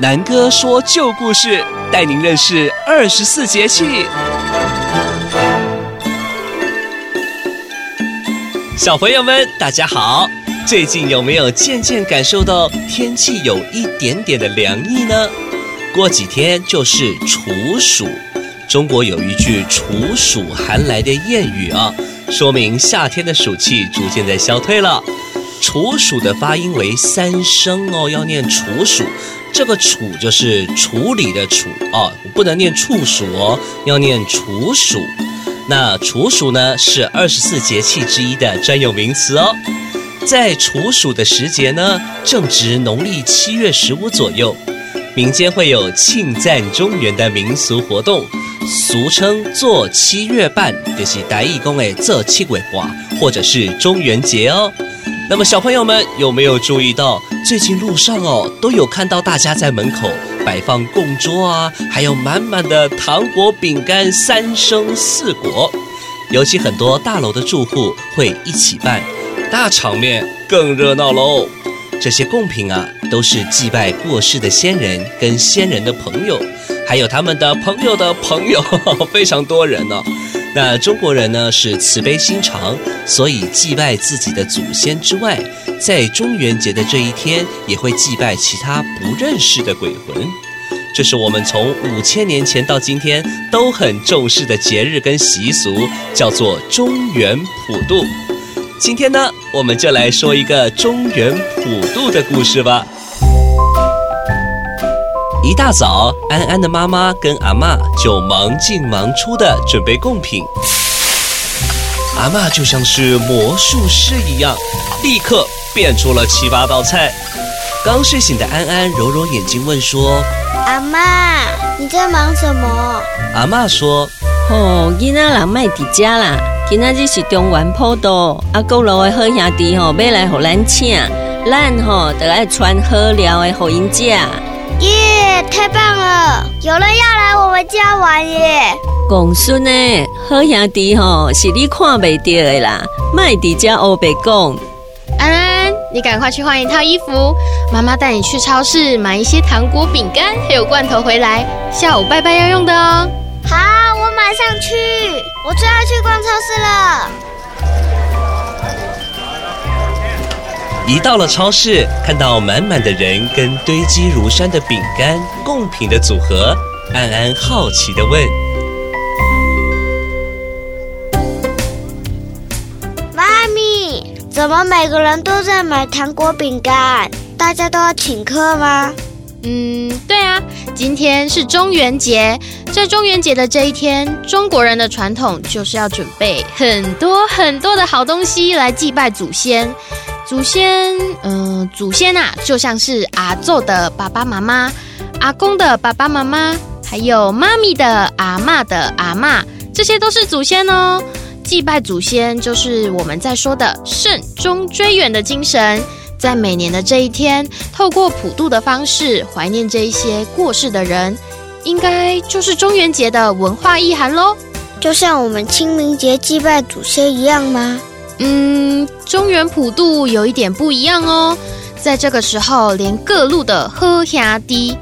南哥說舊故事，帶您認識二十四節氣。小朋友們，大家好！最近有沒有漸漸感受到天氣有一點點的涼意呢？過幾天就是處暑，中國有一句“處暑寒來”的諺語啊、哦。說明夏天的暑氣逐漸在消退了，處暑的發音為三聲哦，要念處暑，這個處就是處理的處哦，不能念處暑哦，要念處暑。那處暑呢是二十四節氣之一的專有名詞哦，在處暑的時節呢，正值農曆七月十五左右。民間會有慶贊中元的民俗活動，俗稱做七月半，也、就是大義工的做七鬼話，或者是中元節哦。那麼小朋友們有沒有注意到，最近路上哦，都有看到大家在門口擺放供桌啊，還有滿滿的糖果、餅乾、三牲四果，尤其很多大樓的住戶會一起辦，大場面更熱鬧嘍。這些貢品啊，都是祭拜過世的先人，跟先人的朋友，還有他們的朋友的朋友，非常多人呢，啊。那中國人呢是慈悲心腸，所以祭拜自己的祖先之外，在中元節的這一天，也會祭拜其他不認識的鬼魂。這是我們從五千年前到今天都很重視的節日跟習俗，叫做中元普渡。今天呢，我們就來說一個中元普渡的故事吧。一大早，安安的媽媽跟阿嬤就忙進忙出的準備供品。阿嬤就像是魔術師一樣，立刻變出了七八道菜。剛睡醒的安安揉揉眼睛問說：“阿嬤，你在忙什麼？”阿嬤說：“哦，囡仔，來麥迪家啦。”今仔日是中元普渡，阿國路的好兄弟吼，要來互咱請，咱吼得愛穿好料的。好衣姐，耶，太棒了！有人要來我們家玩耶！公孫呢，好兄弟吼，是你看不到的啦，麥迪加歐白講。安安，你趕快去換一套衣服，媽媽帶你去超市買一些糖果、餅乾，還有罐頭回來，下午拜拜要用的哦。好。上去，我最愛去逛超市了。一到了超市，看到滿滿的人跟堆積如山的餅乾貢品的組合，安安好奇地問：“媽咪，怎麼每個人都在買糖果餅乾？大家都要請客嗎？”嗯，對啊，今天是中元節，在中元節的這一天，中國人的傳統就是要準備很多很多的好東西來祭拜祖先。祖先，嗯、呃，祖先啊，就像是阿祖的爸爸媽媽、阿公的爸爸媽媽，還有媽咪的阿嬤的阿嬤，這些都是祖先哦。祭拜祖先就是我們在說的慎終追遠的精神。在每年的這一天，透過普渡的方式懷念這一些過世的人，應該就是中元節的文化意涵嘍。就像我們清明節祭拜祖先一樣嗎？嗯，中元普渡有一點不一樣哦，在這個時候，連各路的好兄弟。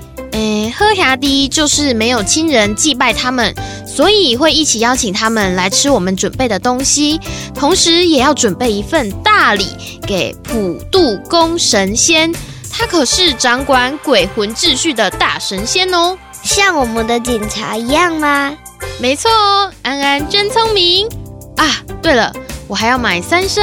喝下第一，就是沒有親人祭拜他們，所以會一起邀請他們來吃我們準備的東西，同時也要準備一份大禮給普渡公神仙，他可是掌管鬼魂秩序的大神仙哦，像我們的警察一樣嗎？沒錯哦，安安真聰明啊！對了，我還要買三牲。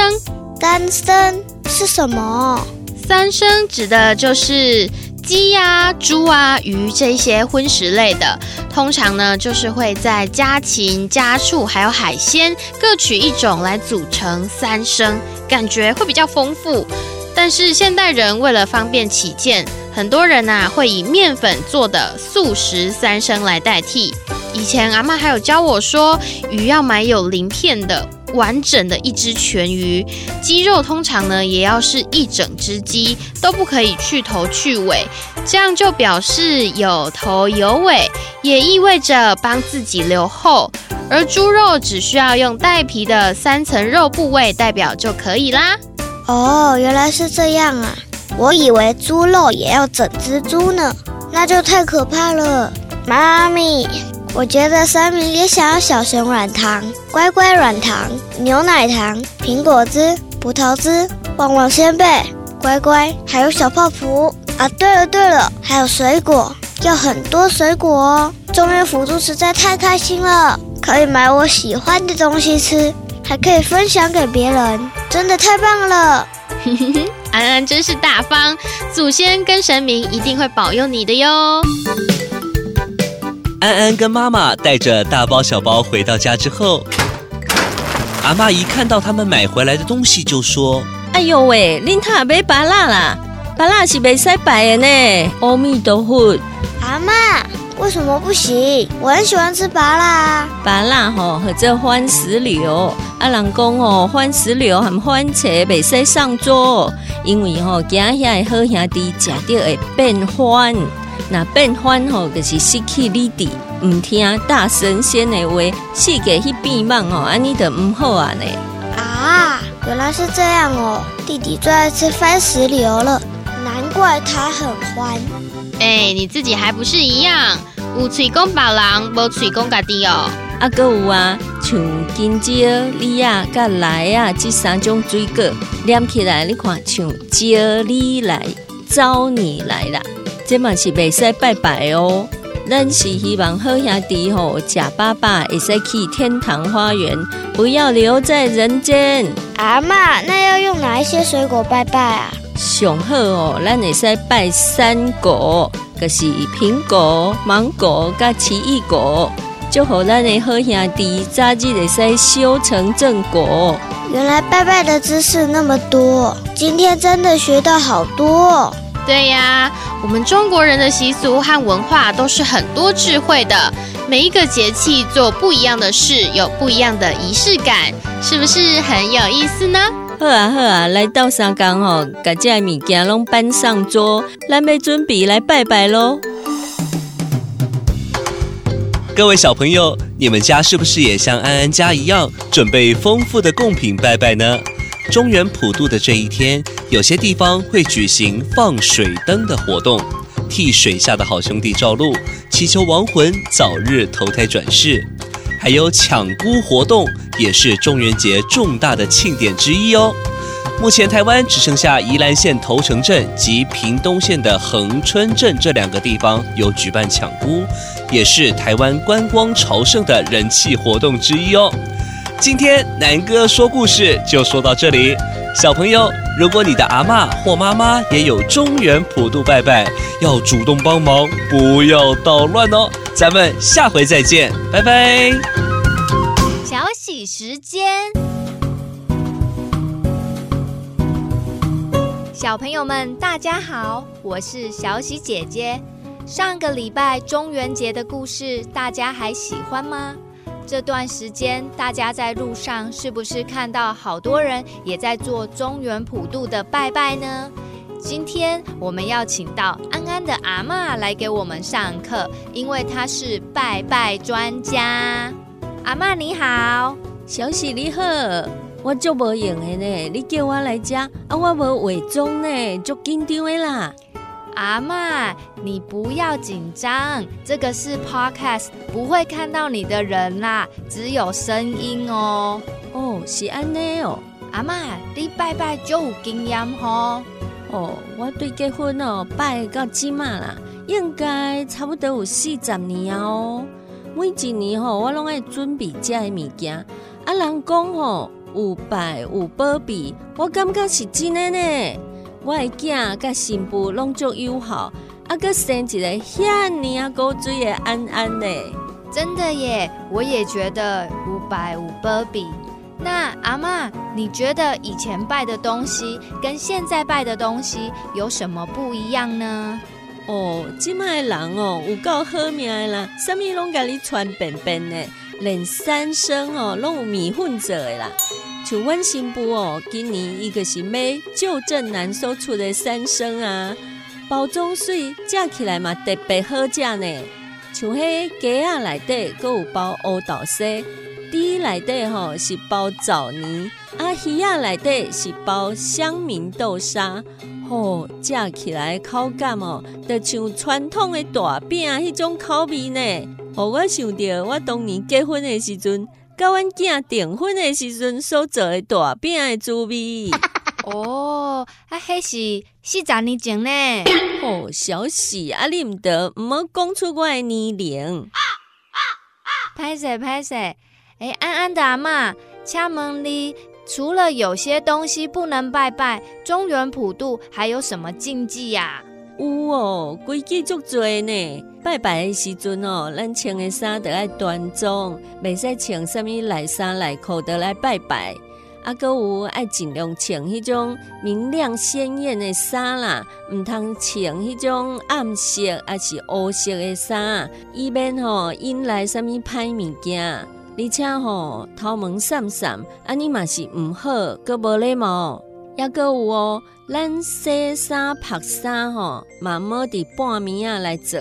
三牲是什麼？三牲指的就是。雞呀、啊、豬啊、魚這些葷食類的，通常呢就是會在家禽、家畜還有海鮮各取一種來組成三牲，感覺會比較豐富。但是現代人為了方便起見，很多人啊會以麵粉做的素食三牲來代替。以前阿媽還有教我說，魚要買有鱗片的。完整的一隻全魚，雞肉通常呢也要是一整隻雞，都不可以去頭去尾，這樣就表示有頭有尾，也意味着幫自己留後。而豬肉只需要用帶皮的三層肉部位代表就可以啦。哦，原來是這樣啊，我以為豬肉也要整隻豬呢，那就太可怕了，媽咪。我覺得神明也想要小熊軟糖、乖乖軟糖、牛奶糖、蘋果汁、葡萄汁、旺旺仙貝、乖乖，還有小泡芙啊！對了對了，還有水果，要很多水果哦！中元普渡實在太開心了，可以買我喜歡的東西吃，還可以分享給別人，真的太棒了！ 安安真是大方，祖先跟神明一定會保佑你的喲。安安跟媽媽帶着大包小包回到家之後，阿媽一看到他們買回來的東西就說：“哎呦喂，恁兜買芭樂啦，芭樂是袂塞拜的呢。”阿彌陀佛，阿媽。為什麼不行？我很喜歡吃芭樂、啊。芭樂吼、哦，和這番石榴，人講吼，番石榴和番茄，袂使上桌，因為吼、哦，今日好兄弟食到會變番。那變番吼、哦，就是失去理智，唔聽大神仙的話，世界去變慢哦，安尼就唔好啊呢。啊，原來是這樣哦！弟弟最愛吃番石榴了，難怪他很歡。誒、欸，你自己還不是一樣？有嘴講別人，無嘴講家己哦、喔。啊，閣有啊！像金蕉、李亞、啊、甲來啊，這三種水果連起來，你看像招你來招你來了。這嘛是未使拜拜哦，咱是希望好兄弟哦，食飽飽會使去天堂花園，不要留在人間。阿嬤，那要用哪一些水果拜拜啊？上好哦，咱內使拜三果，可、就是蘋果、芒果加奇異果，就好咱內好兄弟，才記得使修成正果。原來拜拜的知識那麼多，今天真的學到好多。對呀、啊，我們中國人的習俗和文化都是很多智慧的，每一個節氣做不一樣的事，有不一樣的儀式感，是不是很有意思呢？好啊好啊，來到、哦、把這些東西都搬上桌，咱準備來拜拜嘍。各位小朋友，你們家是不是也像安安家一樣，準備豐富的供品拜拜呢？中元普渡的這一天，有些地方會舉行放水燈的活動，替水下的好兄弟照路，祈求亡魂早日投胎轉世。還有搶孤活動也是中元節重大的慶典之一哦。目前台灣只剩下宜蘭縣頭城鎮及屏東縣的恆春鎮這兩個地方有舉辦搶孤，也是台灣觀光朝聖的人氣活動之一哦。今天南哥說故事就說到這裡。小朋友，如果你的阿嬤或媽媽也有中元普渡拜拜，要主動幫忙，不要搗亂哦。咱們下回再見，拜拜！小喜時間，小朋友們大家好，我是小喜姐姐。上個禮拜中元節的故事大家還喜歡嗎？這段時間大家在路上是不是看到好多人也在做中元普渡的拜拜呢？今天我們要請到安安的阿媽來給我們上課，因為她是拜拜專家。阿媽你好，小喜你好，我足不用的呢，你叫我來遮，啊我不化妝呢，足緊張了。阿媽你不要緊張，這個是 podcast，不會看到你的人啦，只有聲音、喔、哦。哦是安奈哦，阿媽你拜拜足有經驗哦哦，我對結婚哦，拜到這馬啦，應該差不多有四十年哦。每一年吼，我攏愛準備遮個物件。啊，人講吼，有拜有保庇，我感覺是真的呢。我的囝甲媳婦攏足友好，閣生一個遐爾古錐的安安呢。真的耶，我也覺得有拜有保庇。那阿媽，你覺得以前拜的東西跟現在拜的東西有什麼不一樣呢？哦，今麥人哦有夠好命啦，什麼攏甲你穿便便呢，連三牲哦攏有麵粉做的啦。像阮新婦哦，今年伊個是買舊振南所出的三牲啊，包裝碎，食起來嘛特別好食呢。像遐雞啊內底，擱有包烏豆沙。裡底吼是包棗泥，阿魚仔裡底是包香米豆沙，吼、哦、吃起來的口感哦，就像傳統的大餅迄種口味呢。哦，我想着我當年結婚的時陣，跟阮囝訂婚的時陣，所做的大餅的滋味。 哦，阿、啊、迄是四十年前呢。好、哦、小喜啊，你唔得唔好講出我的年齡。歹勢歹勢！啊啊哎、欸，安安的阿嬤，請問你除了有些東西不能拜拜，中元普渡還有什麼禁忌呀、啊？有哦，規矩足多呢。拜拜的時陣哦，咱穿的衫得愛端莊，未使穿什麼爛衫爛褲的來拜拜。還閣有愛儘量穿迄種明亮鮮豔的衫啦，唔通穿迄種暗色還是烏色的衫，以免哦引來什麼歹物件。而且吼，頭毛散散，安尼嘛是唔好，閣無禮貌。抑閣有哦，咱洗衫、喔、拍衫吼，嘛要佇半暝仔來做。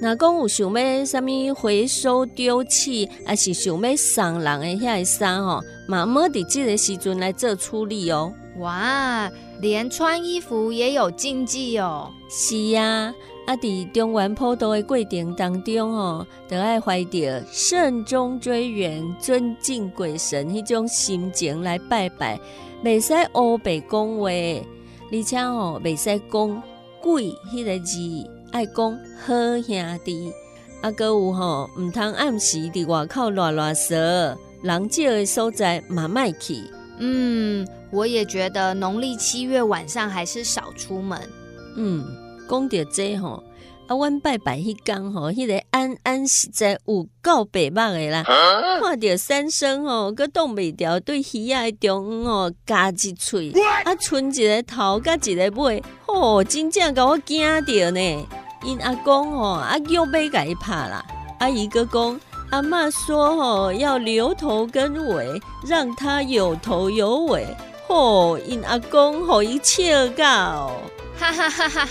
若講有想要啥咪回收丟棄，還是想要送人誒遐衫吼，嘛要佇即個時陣來做處理哦、喔。哇，連穿衣服也有禁忌哦、喔。是啊。啊！佇中元普渡的過程當中吼、哦、著愛懷着慎終追遠、尊敬鬼神迄種心情來拜拜，未使烏白講話，而且吼，未使講鬼迄個字，愛講好兄弟。啊，還有吼、哦，毋通暗時佇外口亂亂踅人少誒所在嘛，賣去。嗯，我也覺得農曆七月晚上還是少出門。嗯。.講到這吼、個，啊，阮拜拜迄天吼、啊，迄、那個安安實在有夠白目的啦、啊。看到三牲吼，哥擋未掉，對魚仔誒中央哦夾一喙啊，剩一、啊、一個頭甲一個尾，吼、哦，真正甲我驚着呢。因阿公吼、啊，啊，欲甲伊拍啦。阿姨哥講，阿嬤說吼、啊，要留頭跟尾，讓他有頭有尾。吼、哦，因阿公、啊，吼，伊笑到，哈哈哈哈。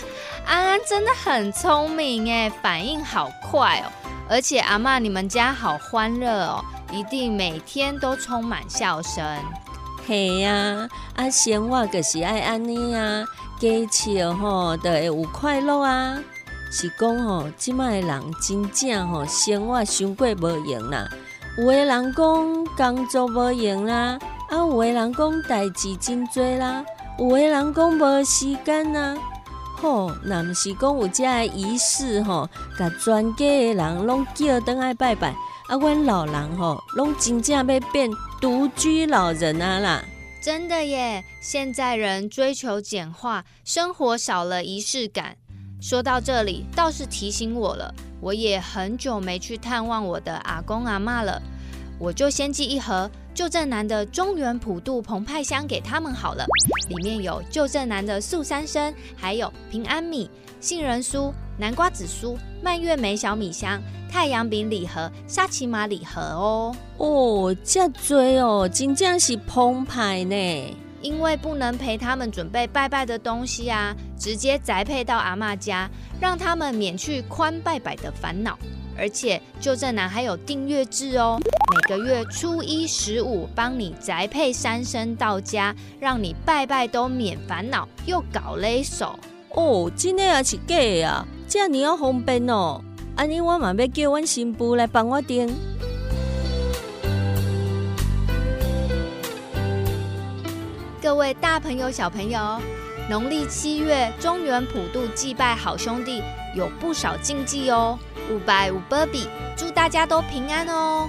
安安真的很聰明哎，反應好快哦！而且阿嬤，你們家好歡樂哦，一定每天都充滿笑聲。是呀、啊，阿、啊、生活就是愛安尼啊，家笑吼都會有快樂啊。就是講吼，即賣的人真正吼生活傷過無用啦。有的人講工作無用啦，啊有的人講代誌真多啦，有的人講無時間吶。吼、哦，那是講有這的儀式吼，甲全家的人都叫登來拜拜，啊，阮老人吼，攏真正要變獨居老人啊啦。真的耶，現在人追求簡化生活，少了儀式感。說到這裡，倒是提醒我了，我也很久沒去探望我的阿公阿媽了。我就先寄一盒舊振南的中元普渡澎湃香給他們好了，裡面有舊振南的素三牲，還有平安米、杏仁酥、南瓜子酥、蔓越莓小米香、太陽餅禮盒、沙琪瑪禮盒哦。哦，這堆哦，竟然是澎湃呢。因為不能陪他們準備拜拜的東西啊，直接宅配到阿嬤家，讓他們免去寬拜拜的煩惱。而且就在那還有訂閱制哦，每個月初一、十五幫你宅配三牲到家，讓你拜拜都免煩惱，又搞了一手哦。真的還是假啊，這樣你要方便哦。按呢我媽咪叫阮新婦來幫我訂。各位大朋友、小朋友，農曆七月中元普渡祭拜好兄弟，有不少禁忌哦。五百五，Bobby，祝大家都平安哦！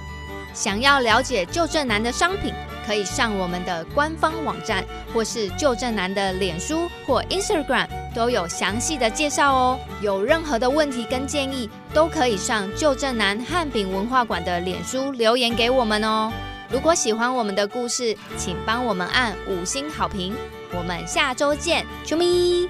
想要了解舊振南的商品，可以上我們的官方網站，或是舊振南的臉書或 Instagram，都有詳細的介紹哦。有任何的問題跟建議，都可以上舊振南漢餅文化館的臉書留言給我們哦。如果喜歡我們的故事，請幫我們按五星好評。我們下週見，啾咪！